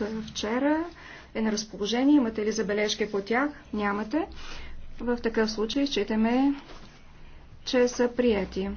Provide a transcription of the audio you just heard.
Е вчера е на разположение. Имате ли забележки по тях? Нямате. В такъв случай считаме, че са прияти.